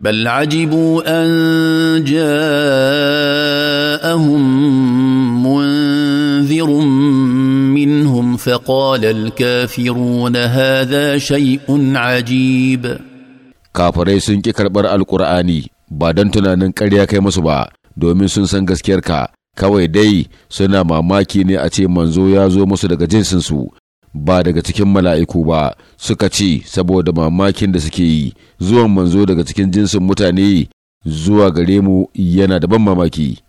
بل عجبوا ان جاءهم منذر منهم فقال الكافرون هذا شيء عجيب kafirai sun ƙi karɓar alkur'ani ba don tunanin ƙarya kai musu ba domin sun san gaskiyarka kawai dai suna mamaki ne a ce manzo ya zo musu daga jinsinsu ba daga cikin mala'iku ba suka ce saboda mamakin da suke yi zuwan manzo daga cikin jinsin mutane zuwa gare mu yana da ban mamaki